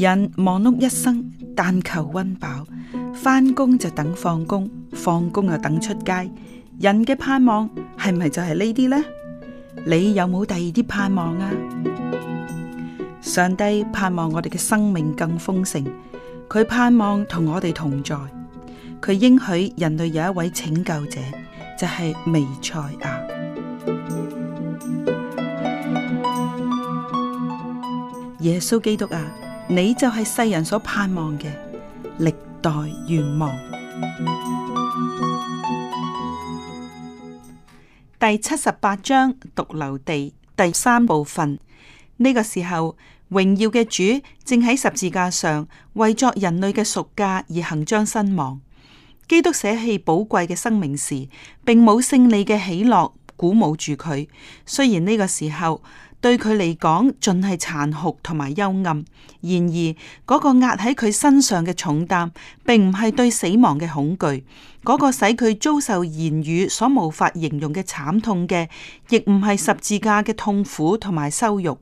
人忙碌一生，但求溫飽，翻工就等放工，放工又等出街。人嘅盼望係咪就係呢啲呢？你有冇第二啲盼望啊？上帝盼望我哋嘅生命更豐盛，佢盼望同我哋同在，佢應許人類有一位拯救者，就係彌賽亞，耶穌基督啊！你就係世人所盼望嘅歷代願望。第七十八章獨留地第三部分，呢個時候，榮耀嘅主正喺十字架上為作人類嘅贖價而行將身亡。基督捨棄寶貴嘅生命時，並冇勝利嘅喜樂鼓舞住佢。雖然呢個時候。對佢嚟講，盡係殘酷同埋幽暗。然而，嗰個壓喺佢身上嘅重擔，並唔係對死亡嘅恐懼；嗰個使佢遭受言語所無法形容嘅慘痛嘅，亦唔係十字架嘅痛苦同埋羞辱。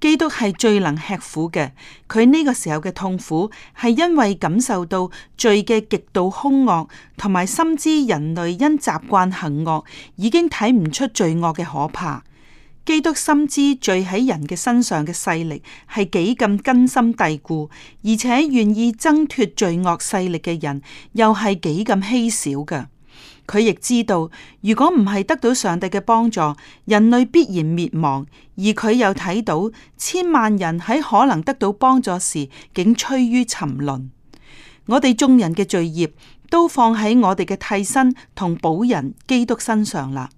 基督係最能吃苦嘅，佢呢個時候嘅痛苦，係因為感受到罪嘅極度兇惡，同埋深知人類因習慣行惡，已經睇唔出罪惡嘅可怕。基督深知罪喺人嘅身上嘅勢力係幾咁根深蒂固，而且願意掙脫罪惡勢力嘅人又係幾咁稀少嘅。佢亦知道，如果唔係得到上帝嘅幫助，人類必然滅亡。而佢又睇到千萬人喺可能得到幫助時，竟趨於沉淪。我哋眾人嘅罪孽都放喺我哋嘅替身同保人基督身上啦。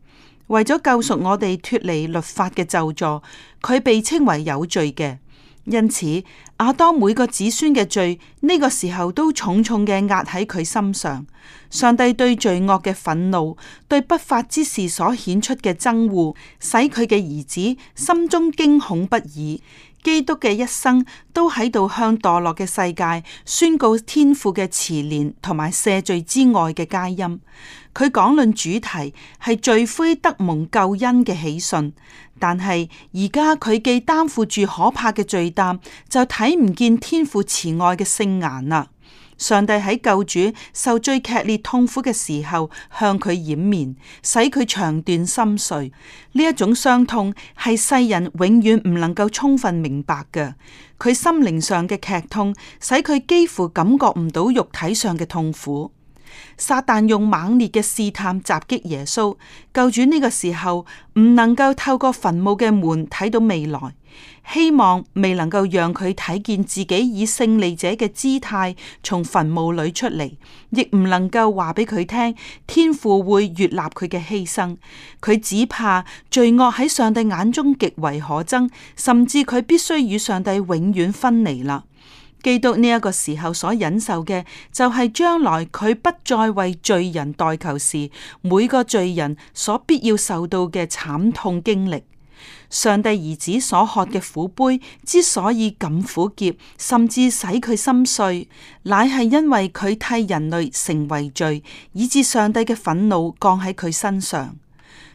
為咗救贖我哋脫離律法嘅咒詛，佢被稱為有罪嘅。因此，阿當每個子孫嘅罪呢個時候都重重嘅壓喺佢身上。上帝對罪惡嘅憤怒，對不法之事所顯出嘅憎惡，使佢嘅兒子心中驚恐不已。基督嘅一生都喺度向墮落嘅世界宣告天父嘅慈憐同埋赦罪之愛嘅佳音。佢講論主題係罪魁得蒙救恩嘅喜訊，但係而家佢既擔負住可怕嘅罪擔，就睇唔見天父慈愛嘅聖顏啦。上帝喺救主受最劇烈痛苦嘅時候，向佢掩面，使佢腸斷心碎。呢一種傷痛係世人永遠唔能夠充分明白嘅。佢心靈上嘅劇痛，使佢幾乎感覺唔到肉體上嘅痛苦。撒旦用猛烈嘅試探襲擊耶穌，救主呢個時候唔能夠透過墳墓嘅門睇到未來。希望未能夠讓佢睇見自己以勝利者嘅姿態從墳墓裏出嚟，亦唔能夠話俾佢聽天父會悅納佢嘅犧牲。佢只怕罪惡喺上帝眼中極為可憎，甚至佢必須與上帝永遠分離啦。基督呢一個時候所忍受嘅，就係將來佢不再為罪人代求時，每個罪人所必要受到嘅慘痛經歷。上帝兒子所喝嘅苦杯之所以咁苦澀，甚至使佢心碎，乃係因為佢替人類成為罪，以致上帝嘅憤怒降喺佢身上。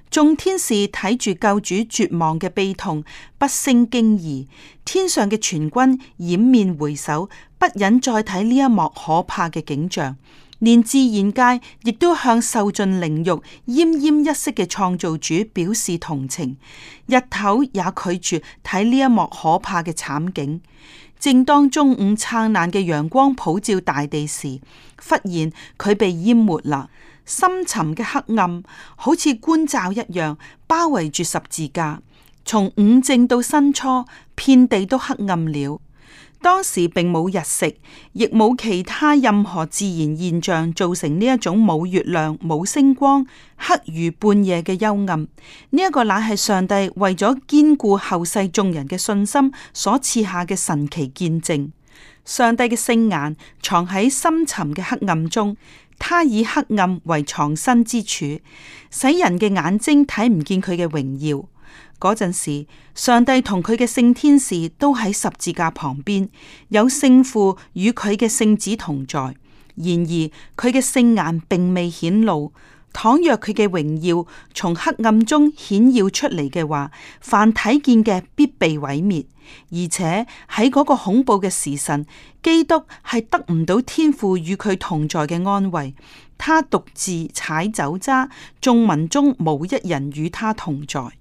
眾天使睇住救主絕望嘅悲痛，不勝驚異；天上嘅全軍掩面回首，不忍再睇呢一幕可怕嘅景象。連自然界亦都向受盡凌辱、奄奄一息嘅創造主表示同情。日頭也拒絕睇呢一幕可怕嘅慘景。正當中午燦爛嘅陽光普照大地時，忽然佢被淹沒啦。深沉嘅黑暗好似棺罩一樣包圍住十字架。從午正到申初，遍地都黑暗了。當時並冇日食，亦冇其他任何自然現象造成呢一種冇月亮、冇星光、黑如半夜嘅幽暗。呢、這、一個乃係上帝為咗堅固後世眾人嘅信心所賜下嘅神奇見證。上帝嘅聖眼藏喺深沉嘅黑暗中，他以黑暗為藏身之處，使人嘅眼睛睇唔見佢嘅榮耀。嗰陣時，上帝同佢嘅聖天使都喺十字架旁邊，有聖父與佢嘅聖子同在。然而，佢嘅聖眼並未顯露。倘若佢嘅榮耀從黑暗中顯耀出嚟嘅話，凡睇見嘅必被毀滅。而且喺嗰個恐怖嘅時辰，基督係得唔到天父與佢同在嘅安慰，他獨自踩酒渣，眾民中冇一人與他同在。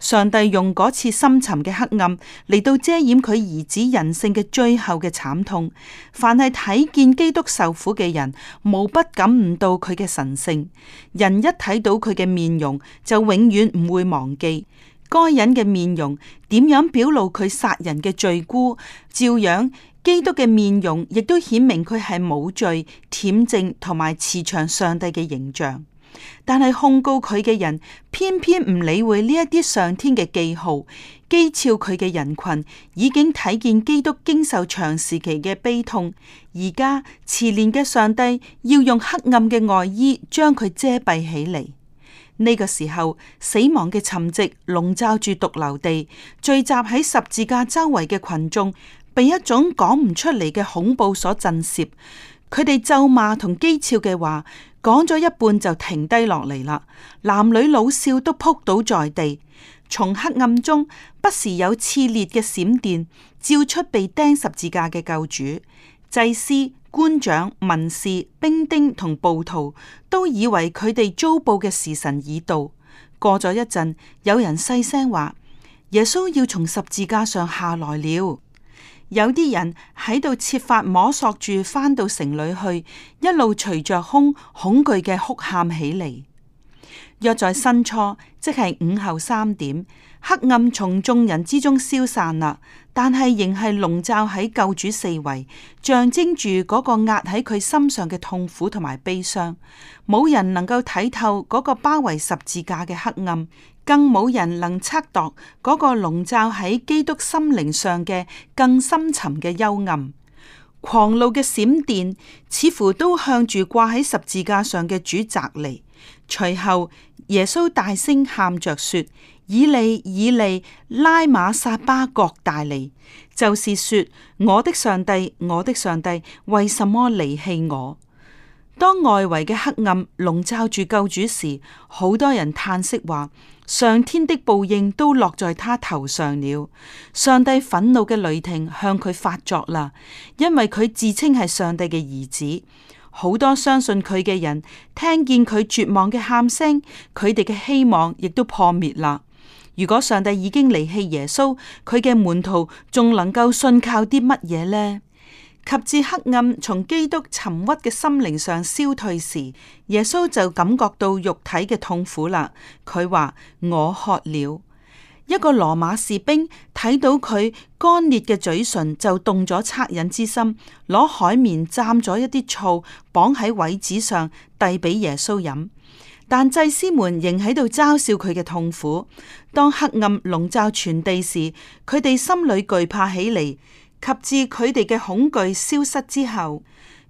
上帝用嗰次深沉嘅黑暗嚟到遮掩佢兒子人性嘅最後嘅慘痛。凡係睇見基督受苦嘅人，無不感悟到佢嘅神聖。人一睇到佢嘅面容，就永遠唔會忘記該人嘅面容點樣表露佢殺人嘅罪辜。照樣，基督嘅面容亦都顯明佢係冇罪、恬靜同埋慈祥上帝嘅形象。但係控告佢嘅人偏偏唔理會呢一啲上天嘅記號，譏誚佢嘅人群已經睇見基督經受長時期嘅悲痛，而家慈憐嘅上帝要用黑暗嘅外衣將佢遮蔽起嚟。呢、呢個時候，死亡嘅沉寂籠、籠罩住髑髏地，聚集喺十字架周圍嘅群眾被一種講唔出嚟嘅恐怖所震懾，佢哋咒罵同譏誚嘅話。講咗一半就停低落嚟啦，男女老少都撲倒在地。從黑暗中不時有熾烈嘅閃電照出被釘十字架嘅救主。祭司、官長、文士、兵丁同暴徒都以為佢哋遭報嘅時辰已到。過咗一陣，有人細聲話：耶穌要從十字架上下來了。有啲人喺度設法摸索住翻到城裏去，一路隨着空恐懼嘅哭喊起嚟。約在新初，即係午後三點，黑暗從眾人之中消散啦，但係仍係籠罩喺救主四圍，象徵住嗰個壓喺佢身上嘅痛苦同埋悲傷。冇人能夠睇透嗰個包圍十字架嘅黑暗。更冇人能測度嗰個籠罩喺基督心靈上嘅更深沉嘅幽暗，狂怒嘅閃電似乎都向住掛喺十字架上嘅主擲嚟。隨後耶穌大聲喊着說：以利，以利，拉馬撒巴各大利，就是說我的上帝，我的上帝，為什麼離棄我？當外圍嘅黑暗籠罩住救主時，好多人嘆息話：上天的報應都落在他頭上了。上帝憤怒嘅雷霆向佢發作啦，因為佢自稱係上帝嘅兒子。好多相信佢嘅人聽見佢絕望嘅喊聲，佢哋嘅希望亦都破滅啦。如果上帝已經離棄耶穌，佢嘅門徒仲能夠信靠啲乜嘢呢？及至黑暗從基督沉鬱嘅心靈上消退時，耶穌就感覺到肉體嘅痛苦啦。佢話：我渴了。一個羅馬士兵睇到佢乾裂嘅嘴唇，就動咗惻隱之心，攞海綿蘸咗一啲醋綁，綁喺位子上遞俾耶穌飲。但祭司們仍喺度嘲笑佢嘅痛苦。當黑暗籠罩全地時，佢哋心裏懼怕起嚟。及至佢哋嘅恐懼消失之後，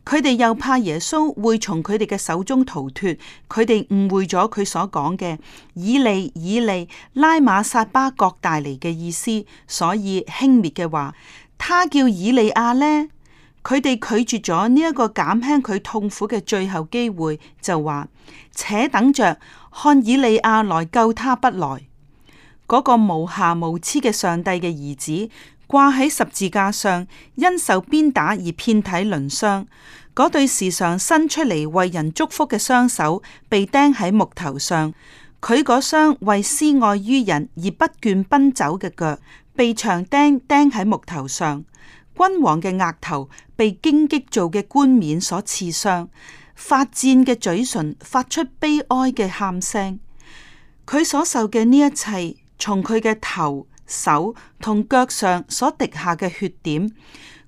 佢哋又怕耶穌會從佢哋嘅手中逃脫，佢哋誤會咗佢所講嘅以利以利拉馬撒巴各大尼嘅意思，所以輕蔑嘅話，他叫以利亞呢，佢哋拒絕咗呢一個減輕佢痛苦嘅最後機會，就話且等着看以利亞來救他不來，嗰個無瑕無疵嘅上帝嘅兒子。掛喺十字架上，因受鞭打而遍體鱗傷；嗰對時常伸出嚟為人祝福嘅雙手，被釘喺木頭上。佢嗰雙為施愛於人而不倦奔走嘅腳，被長釘釘喺木頭上。君王嘅額頭被荊棘做嘅冠冕所刺傷，發顫嘅嘴唇發出悲哀嘅喊聲。佢所受嘅呢一切，從佢嘅頭。手同腳上所滴下嘅血點，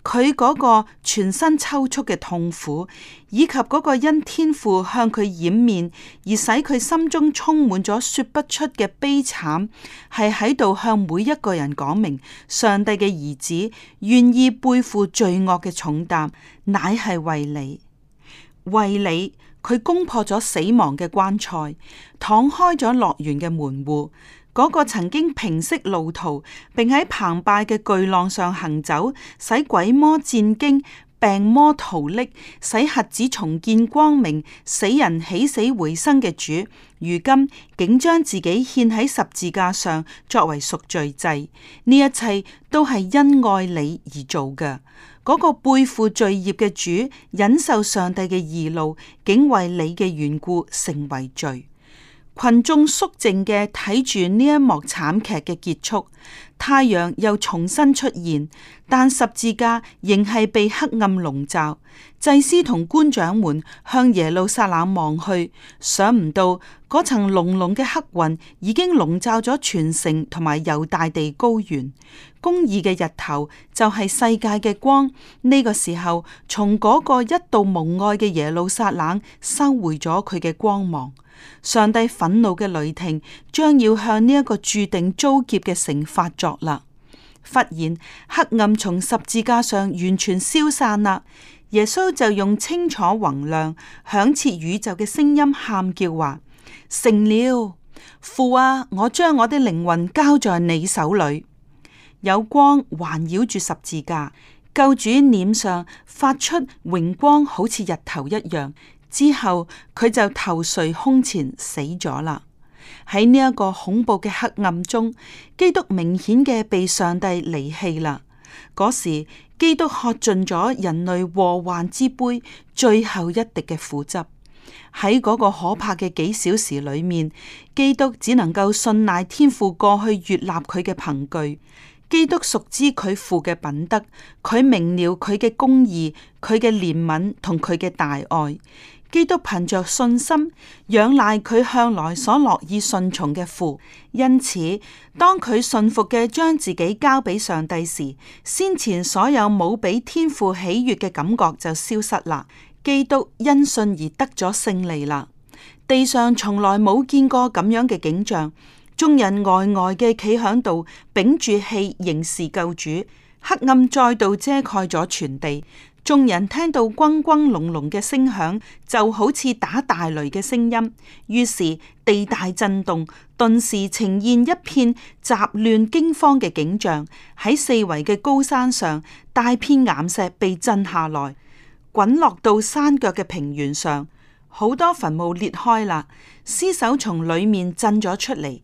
佢嗰個全身抽搐嘅痛苦，以及嗰個因天父向佢掩面而使佢心中充滿咗說不出嘅悲慘，係喺度向每一個人講明：上帝嘅兒子願意背負罪惡嘅重擔，乃係為你，為你，佢攻破咗死亡嘅關塞，敞開咗樂園嘅門戶。嗰個曾經平息怒濤，並喺澎湃嘅巨浪上行走，使鬼魔戰驚，病魔逃匿，使瞎子重見光明，死人起死回生嘅主，如今竟將自己獻喺十字架上作為贖罪祭。呢一切都係因愛你而做嘅。嗰、那個背負罪孽嘅主，忍受上帝嘅義怒，竟為你嘅緣故成為罪。群眾肅靜嘅睇住呢一幕慘劇嘅結束，太陽又重新出現，但十字架仍係被黑暗籠罩。祭司同官長們向耶路撒冷望去，想唔到嗰層濃濃嘅黑雲已經籠罩咗全城同埋猶大地高原。公義嘅日頭就係世界嘅光，呢、這個時候從嗰個一度蒙愛嘅耶路撒冷收回咗佢嘅光芒。上帝憤怒嘅雷霆將要向呢一個注定遭劫嘅城發作啦！忽然黑暗從十字架上完全消散啦，耶穌就用清楚宏亮、響徹宇宙嘅聲音喊叫話：成了，父啊，我將我的靈魂交在你手裏。有光環繞住十字架，救主臉上發出榮光，好似日頭一樣。之後佢就頭垂胸前死咗啦。喺呢一個恐怖嘅黑暗中，基督明顯嘅被上帝離棄啦。嗰時基督喝盡咗人類禍患之杯最後一滴嘅苦汁。喺嗰個可怕嘅幾小時裏面，基督只能夠信賴天父過去悅納佢嘅憑據。基督熟知佢父嘅品德，佢明了佢嘅公義，佢嘅憐憫同佢嘅大愛。基督憑着信心仰賴佢向來所樂意順從嘅父，因此當佢信服嘅將自己交俾上帝時，先前所有冇俾天父喜悅嘅感覺就消失啦。基督因信而得咗勝利啦，地上從來冇見過咁樣嘅景象。眾人呆呆嘅企響度，屏住氣凝視救主。黑暗再度遮蓋咗全地。眾人聽到轟轟隆隆嘅聲響，就好似打大雷嘅聲音，於是地大震動，頓時呈現一片雜亂驚慌嘅景象。喺四圍嘅高山上，大片岩石被震下來，滾落到山腳嘅平原上，好多墳墓裂開啦，屍首從裏面震咗出嚟。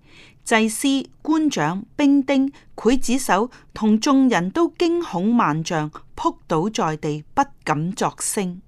祭司、官長、兵丁、劊子手同眾人都驚恐萬丈，撲倒在地，不敢作聲。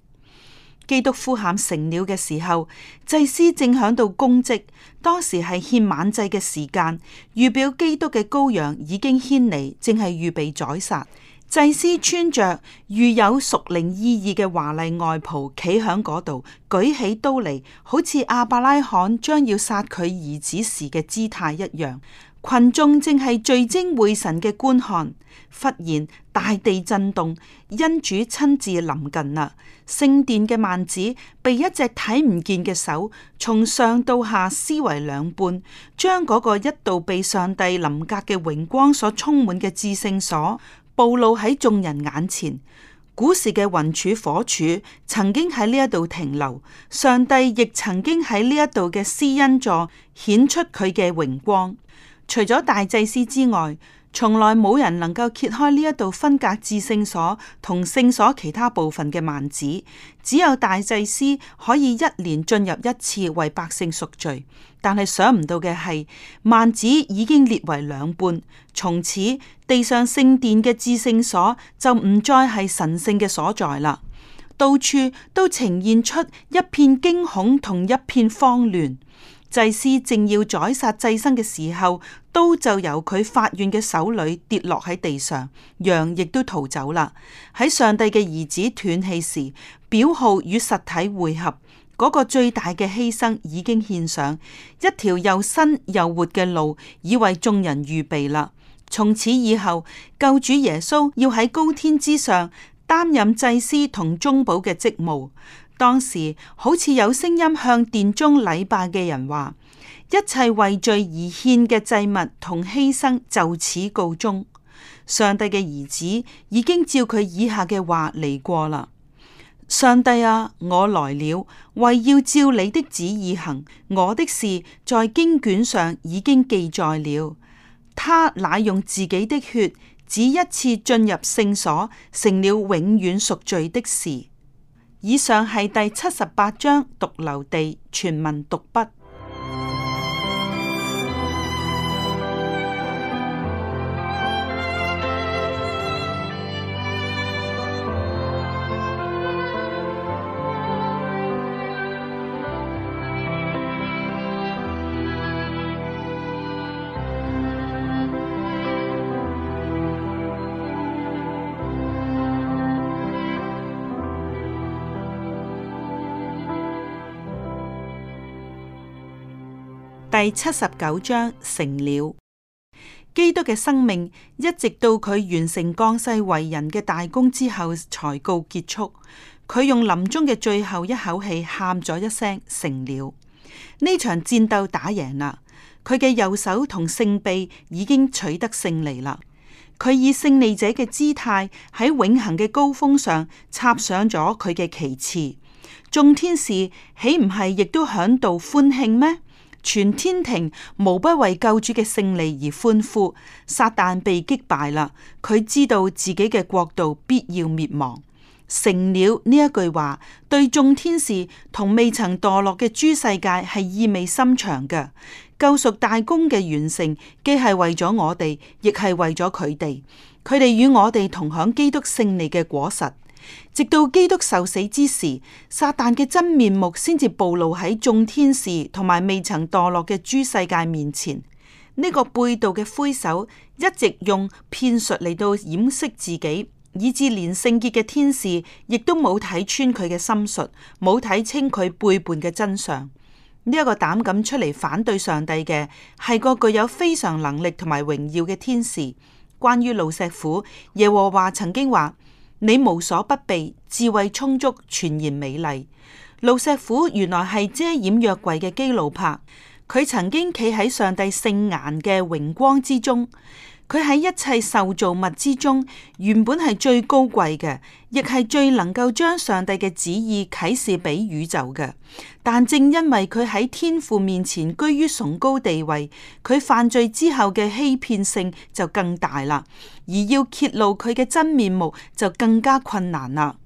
基督呼喊成了嘅時候，祭司正響度供職，當時係獻晚祭嘅時間，預表基督嘅羔羊已經牽嚟，正係預備宰殺。祭司穿着具有屬靈意義嘅華麗外袍，企喺嗰度，舉起刀嚟，好似亞伯拉罕將要殺佢兒子時嘅姿態一樣。群眾正係聚精會神嘅觀看。忽然，大地震動，因主親自臨近啦。聖殿嘅幔子被一隻睇唔見嘅手從上到下撕為兩半，將嗰個一度被上帝臨格嘅榮光所充滿嘅至聖所，暴露喺眾人眼前，古時嘅雲柱火柱曾經喺呢一度停留，上帝亦曾經喺呢一度嘅施恩座顯出佢嘅榮光。除咗大祭司之外。從來冇人能夠揭開呢一道分隔至聖所同聖所其他部分嘅幔子，只有大祭司可以一年進入一次為百姓贖罪。但係想唔到嘅係，幔子已經裂為兩半，從此地上聖殿嘅至聖所就唔再係神聖嘅所在啦，到處都呈現出一片驚恐同一片慌亂。祭司正要宰殺祭牲嘅時候，刀就由佢發願嘅手裏跌落喺地上，羊亦都逃走啦。喺上帝嘅兒子斷氣時，表號與實體會合，嗰個最大嘅犧牲已經獻上，一條又新又活嘅路已為眾人預備啦。從此以後，救主耶穌要喺高天之上擔任祭司同中保嘅職務。當時好似有聲音向殿中禮拜嘅人話：一切為罪而獻嘅祭物同犧牲就此告終。上帝嘅兒子已經照佢以下嘅話嚟過啦。上帝啊，我來了，為要照你的旨意行。我的事在經卷上已經記載了。他乃用自己的血，只一次進入聖所，成了永遠贖罪的事。以上係第七十八章《獨留地》全文讀畢。第七十九章成了。基督嘅生命，一直到佢完成降世為人嘅大功之後，才告結束。佢用臨終嘅最後一口氣，喊咗一聲成了。呢場戰鬥打贏啦，佢嘅右手同聖臂已經取得勝利啦。佢以勝利者嘅姿態喺永恆嘅高峰上插上咗佢嘅旗幟，眾天使豈唔係亦都響度歡慶咩？全天庭無不為救主嘅勝利而歡呼，撒旦被擊敗啦。佢知道自己嘅國度必要滅亡。成了呢一句話對眾天使同未曾墮落嘅諸世界係意味深長嘅。救贖大功嘅完成，既係為咗我哋，亦係為咗佢哋。佢哋與我哋同享基督勝利嘅果實。直到基督受死之時，撒旦嘅真面目先至暴露喺眾天使同埋未曾墮落嘅諸世界面前。呢、這個背道嘅魁首一直用騙術嚟到掩飾自己，以致連聖潔嘅天使亦都冇睇穿佢嘅心術，冇睇清佢背叛嘅真相。呢、這、一個膽敢出嚟反對上帝嘅，係個具有非常能力同埋榮耀嘅天使。關於路錫甫，耶和華曾經話。你無所不備，智慧充足，全然美麗。路石虎原來係遮掩約櫃嘅基路柏，佢曾經企喺上帝聖顏嘅榮光之中。佢喺一切受造物之中，原本係最高貴嘅，亦係最能夠將上帝嘅旨意啟示俾宇宙嘅。但正因為佢喺天父面前居於崇高地位，佢犯罪之後嘅欺騙性就更大啦，而要揭露佢嘅真面目就更加困難啦。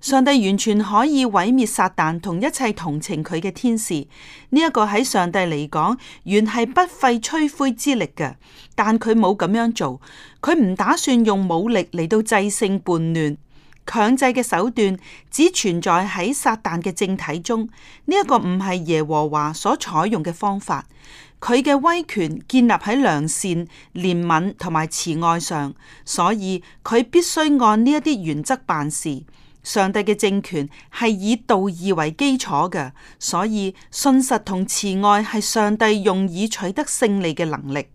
上帝完全可以毀滅撒旦同一切同情佢嘅天使。呢一個喺上帝嚟講，原係不費吹灰之力嘅，但佢冇咁樣做，佢唔打算用武力嚟到制勝叛亂，強制嘅手段，只存在喺撒旦嘅政體中。呢一個唔係耶和華所採用嘅方法。佢嘅威權建立喺良善、憐憫同埋慈愛上，所以佢必須按呢一啲原則辦事。上帝嘅政權係以道義為基礎嘅，所以信實同慈愛係上帝用以取得勝利嘅能力。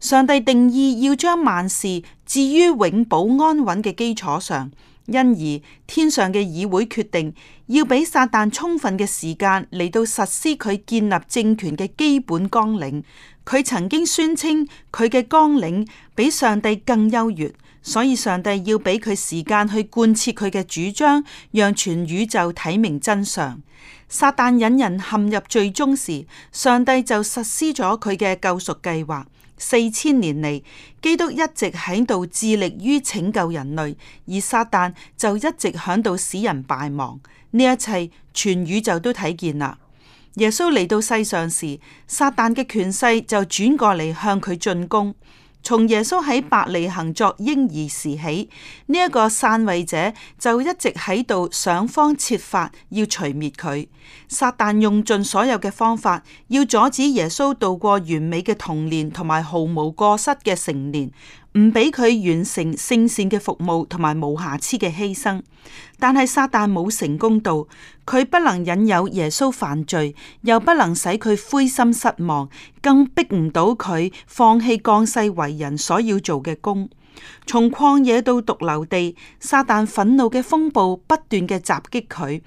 上帝定義要將萬事置於永保安穩嘅基礎上，因而天上嘅議會決定要俾撒旦充分嘅時間嚟到實施佢建立政權嘅基本綱領。佢曾經宣稱佢嘅綱領比上帝更優越。所以上帝要俾佢時間去貫徹佢嘅主張，讓全宇宙睇明真相。撒旦引人陷入罪中時，上帝就實施咗佢嘅救贖計劃。四千年嚟，基督一直喺度致力於拯救人類，而撒旦就一直響度使人敗亡。呢一切全宇宙都睇見啦。耶穌嚟到世上時，撒旦嘅權勢就轉過嚟向佢進攻。從耶穌喺伯利恒作嬰兒時起，呢、這、一個散位者就一直喺度想方設法要除滅佢。撒旦用盡所有嘅方法，要阻止耶穌度過完美嘅童年，同埋毫無過失嘅成年。唔俾佢完成聖善嘅服務同埋無瑕疵嘅犧牲，但係撒旦冇成功到，佢不能引誘耶穌犯罪，又不能使佢灰心失望，更逼唔到佢放棄降世為人所要做嘅工。從曠野到髑髏地，撒旦憤怒嘅風暴不斷嘅襲擊佢。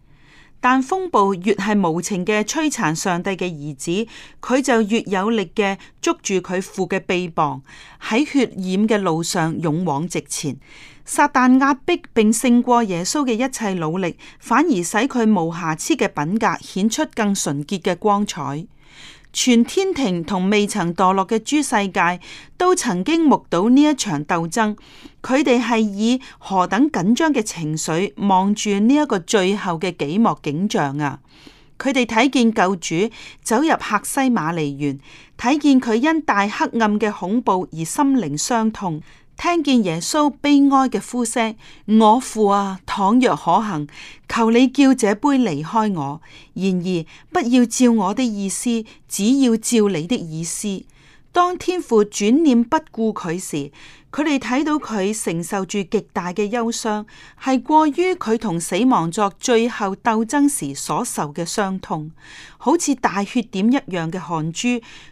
但風暴越係無情嘅摧殘，上帝嘅兒子佢就越有力嘅捉住佢父嘅臂膀，喺血染嘅路上勇往直前。撒旦壓迫並勝過耶穌嘅一切努力，反而使佢無瑕疵嘅品格顯出更純潔嘅光彩。全天庭同未曾墮落嘅諸世界都曾經目睹呢一場鬥爭，佢哋係以何等緊張嘅情緒望住呢一個最後嘅幾幕景象啊！佢哋睇見救主走入客西馬尼園，睇見佢因大黑暗嘅恐怖而心靈傷痛。聽見耶穌悲哀嘅呼聲，我父啊，倘若可行，求你叫這杯離開我。然而不要照我的意思，只要照你的意思。當天父轉念不顧佢時，佢哋睇到佢承受住極大嘅憂傷，係過於佢同死亡作最後鬥爭時所受嘅傷痛，好似大血點一樣嘅汗珠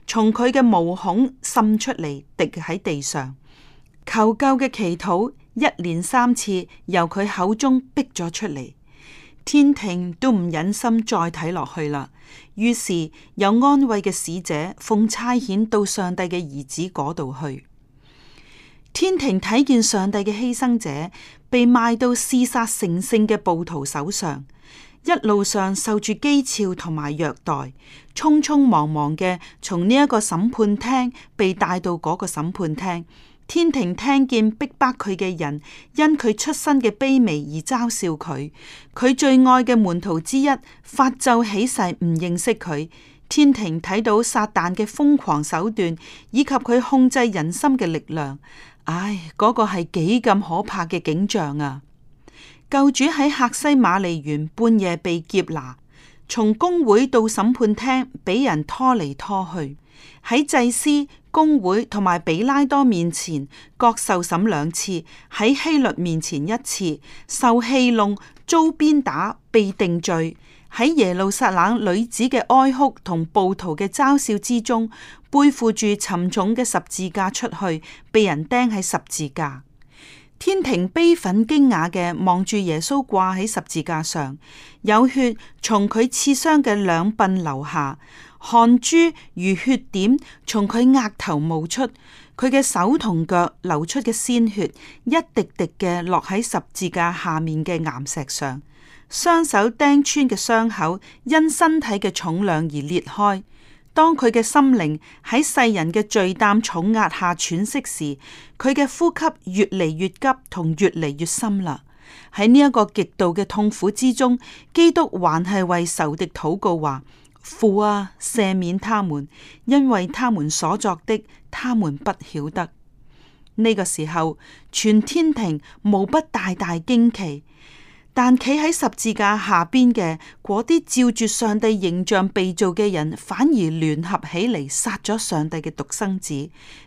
從佢嘅毛孔滲出嚟，滴喺地上。求救嘅祈禱一連三次，由佢口中逼咗出嚟，天庭都唔忍心再睇落去啦。於是有安慰嘅使者奉差遣到上帝嘅兒子嗰度去。天庭睇見上帝嘅犧牲者被賣到嗜殺成性嘅暴徒手上，一路上受住譏誚同埋虐待，匆匆忙忙嘅從呢一個審判廳被帶到嗰個審判廳。天庭聽見逼迫佢嘅人，因佢出身嘅卑微而嘲笑佢；佢最愛嘅門徒之一發咒起誓唔認識佢。天庭睇到撒旦嘅瘋狂手段，以及佢控制人心嘅力量，唉，嗰、那個係幾咁可怕嘅景象啊！救主喺客西馬利園半夜被劫拿，從公會到審判廳，俾人拖嚟拖去。喺祭司、公會同埋比拉多面前，各受審兩次，喺希律面前一次，受戲弄、遭鞭打、被定罪。喺耶路撒冷女子嘅哀哭同暴徒嘅嘲笑之中，背負住沉重嘅十字架出去，被人釘喺十字架。天庭悲憤驚訝嘅望住耶穌掛喺十字架上，有血從佢刺傷嘅兩鬢流下。汗珠如血點從佢額頭冒出，佢嘅手同腳流出嘅鮮血一滴滴嘅落喺十字架下面嘅岩石上，雙手釘穿嘅傷口因身體嘅重量而裂開。當佢嘅心靈喺世人嘅罪擔重壓下喘息時，佢嘅呼吸越嚟越急同越嚟越深啦。喺呢一個極度嘅痛苦之中，基督還係為仇敵禱告話。父啊，赦免他們，因為他們所作的，他們不曉得。呢個時候，全天庭無不大大驚奇。但企喺十字架下邊嘅嗰啲照住上帝形象被造嘅人，反而聯合起嚟殺咗上帝嘅獨生子。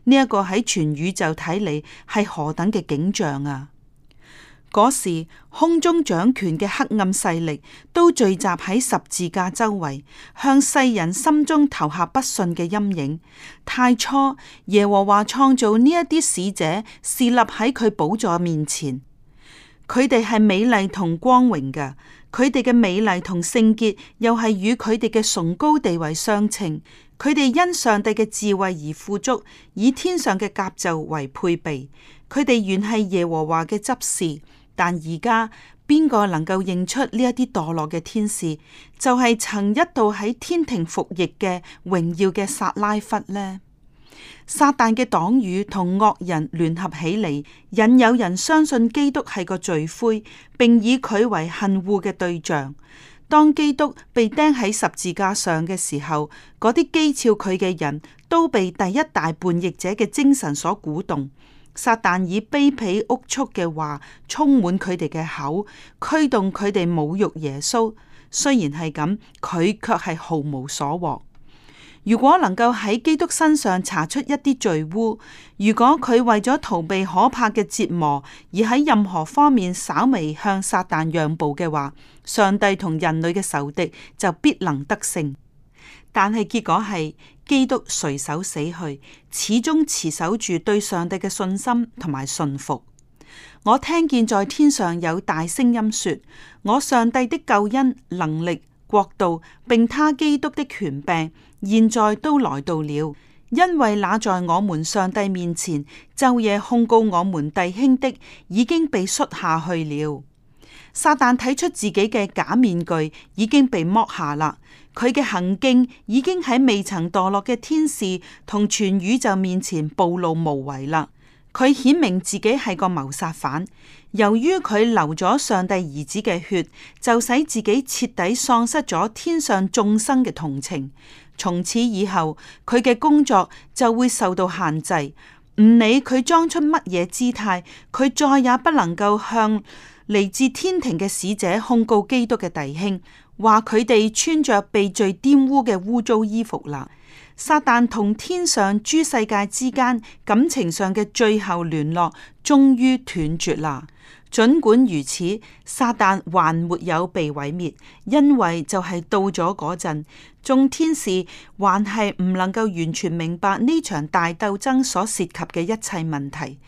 呢一個喺全宇宙睇嚟係何等嘅景象啊！嗰時空中掌權嘅黑暗勢力都聚集喺十字架周圍，向世人心中投下不信嘅陰影。太初，耶和華創造呢一啲使者，是立喺佢寶座面前。佢哋係美麗同光榮嘅，佢哋嘅美麗同聖潔又係與佢哋嘅崇高地位相稱。佢哋因上帝嘅智慧而富足，以天上嘅甲胄為配備。佢哋原係耶和華嘅執事。但而家邊個能夠認出呢一啲墮落嘅天使，就係、是、曾一度喺天庭服役嘅榮耀嘅撒拉弗呢？撒旦嘅黨羽同惡人聯合起嚟，引誘人相信基督係個罪魁，並以佢為恨惡嘅對象。當基督被釘喺十字架上嘅時候，嗰啲譏笑佢嘅人都被第一大叛逆者嘅精神所鼓動。撒旦以卑鄙、齷齪嘅話充滿佢哋嘅口，驅動佢哋侮辱耶穌。雖然係咁，佢卻係毫無所獲。如果能夠喺基督身上查出一啲罪污，如果佢為咗逃避可怕嘅折磨而喺任何方面稍微向撒旦讓步嘅話，上帝同人類嘅仇敵就必能得勝。但係結果係基督垂手死去，始終持守住對上帝嘅信心同埋信服。我聽見在天上有大聲音說：我上帝的救恩、能力、國度，並他基督的權柄，現在都來到了。因為那在我們上帝面前晝夜控告我們弟兄的，已經被摔下去了。撒旦睇出自己嘅假面具已經被剝下啦。佢嘅行徑已經喺未曾墮落嘅天使同全宇宙面前暴露無遺啦。佢顯明自己係個謀殺犯，由於佢流咗上帝兒子嘅血，就使自己徹底喪失咗天上眾生嘅同情。從此以後，佢嘅工作就會受到限制。唔理佢裝出乜嘢姿態，佢再也不能夠向嚟自天庭嘅使者控告基督嘅弟兄。話佢哋穿着被罪玷污嘅污糟衣服啦。撒旦同天上諸世界之間感情上嘅最後聯絡終於斷絕啦。盡管如此，撒旦還沒有被毀滅，因為就係到咗嗰陣，眾天使還係唔能夠完全明白呢場大鬥爭所涉及嘅一切問題。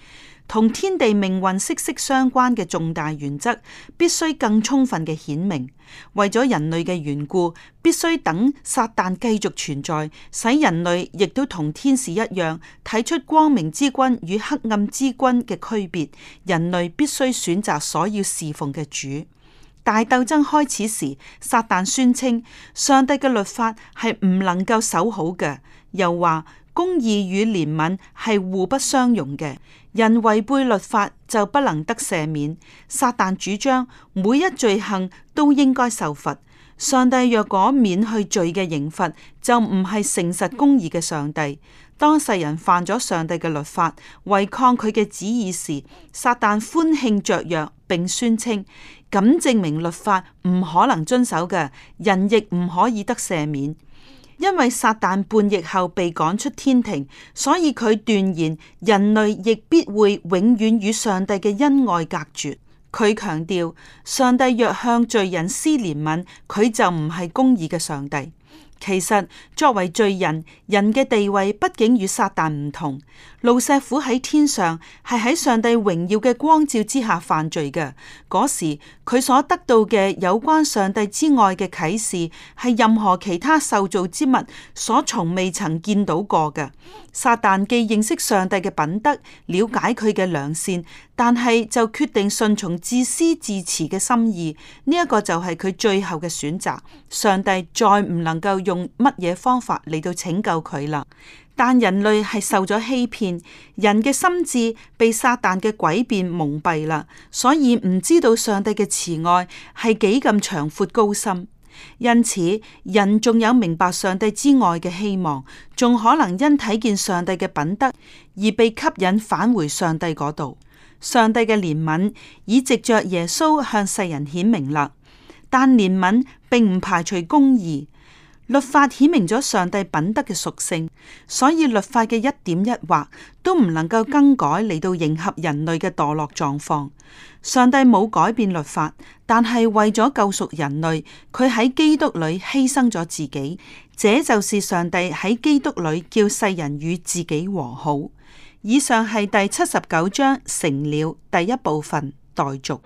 同天地命運息息相關嘅重大原則，必須更充分嘅顯明。為咗人類嘅緣故，必須等撒旦繼續存在，使人類亦都同天使一樣，睇出光明之君與黑暗之君嘅區別。人類必須選擇所要侍奉嘅主。大鬥爭開始時，撒旦宣稱上帝嘅律法係唔能夠守好嘅，又話公義與憐憫係互不相容嘅。人違背律法就不能得赦免。撒旦主張每一罪行都應該受罰。上帝若果免去罪嘅刑罰，就唔係誠實公義嘅上帝。當世人犯咗上帝嘅律法，違抗佢嘅旨意時，撒旦歡慶雀躍，並宣稱咁證明律法唔可能遵守嘅，人亦唔可以得赦免。因為撒但叛逆後被趕出天庭，所以佢斷言人類亦必會永遠與上帝嘅恩愛隔絕。佢強調，上帝若向罪人施憐憫，佢就唔係公義嘅上帝。其實作為罪人，人嘅地位畢竟與撒但唔同。路錫甫喺天上，係喺上帝榮耀嘅光照之下犯罪嘅。嗰時佢所得到嘅有關上帝之愛嘅啟示，係任何其他受造之物所從未曾見到過嘅。撒但既認識上帝嘅品德，了解佢嘅良善。但係就決定順從自私自持嘅心意，呢一個就係佢最後嘅選擇。上帝再唔能夠用乜嘢方法嚟到拯救佢啦。但人類係受咗欺騙，人嘅心智被撒旦嘅詭辯蒙蔽啦，所以唔知道上帝嘅慈愛係幾咁長闊高深。因此，人仲有明白上帝之愛嘅希望，仲可能因睇見上帝嘅品德而被吸引返回上帝嗰度。上帝嘅憐憫已藉着耶穌向世人顯明啦，但憐憫並唔排除公義。律法顯明咗上帝品德嘅屬性，所以律法嘅一點一畫都唔能夠更改嚟到迎合人類嘅墮落狀況。上帝冇改變律法，但係為咗救贖人類，佢喺基督裏犧牲咗自己。這就是上帝喺基督裏叫世人與自己和好。以上係第七十九章《成了》第一部分，待續。